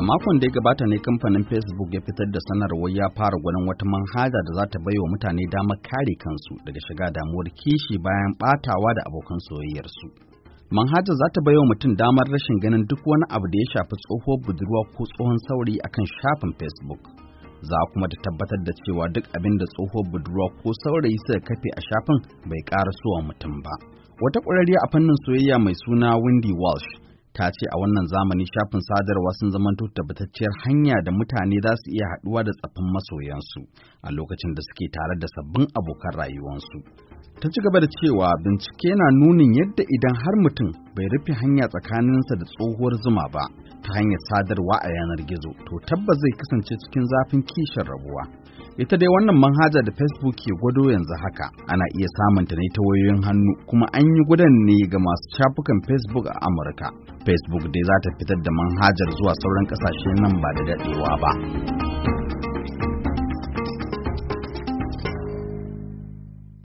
A makon da ya gabata ne kamfanin Facebook ya fitar da sanarwar ya fara gwanin wata manhaja da za ta baiwa mutane damar kare kansu daga shiga damuwar kishi bayan batawa da abokan soyayyarsu. Manhaja za ta baiwa mutum damar rashin ganin duk wani abu da ya shafi tsohuwar budurwa ko tsohon saurayi akan shafin Facebook. Za kuma ta tabbatar da cewa duk abin da tsohuwar budurwa ko saurayi suka kafe a shafin bai ƙara a mutum ba. Wata ƙwararriya a fannin soyayya mai suna Wendy Walsh ta ce a wannan zamani shafin sadarwa sun zamanto tabbatacciyar hanya da mutane za su iya haɗuwa da tsafin masoyansu a lokacin da suke tare da sabbin abokan rayuwarsu. ta ci gaba da cewa bincike na nunin yadda idan har mutum bai rufe hanya tsakaninsa da tsohuwar zuma ba ta hanyar sadarwa a yanar gizo to tabbas zai kasance cikin zafin kishin rabuwa ita dai wannan manhaja da facebook ke gwado yanzu haka ana iya samunta ne ta wayoyin hannu kuma an yi gudan ne ga masu shafukan facebook a amurka facebook dai za ta fitar da manhajar zuwa sauran kasashe nan ba da daɗewa ba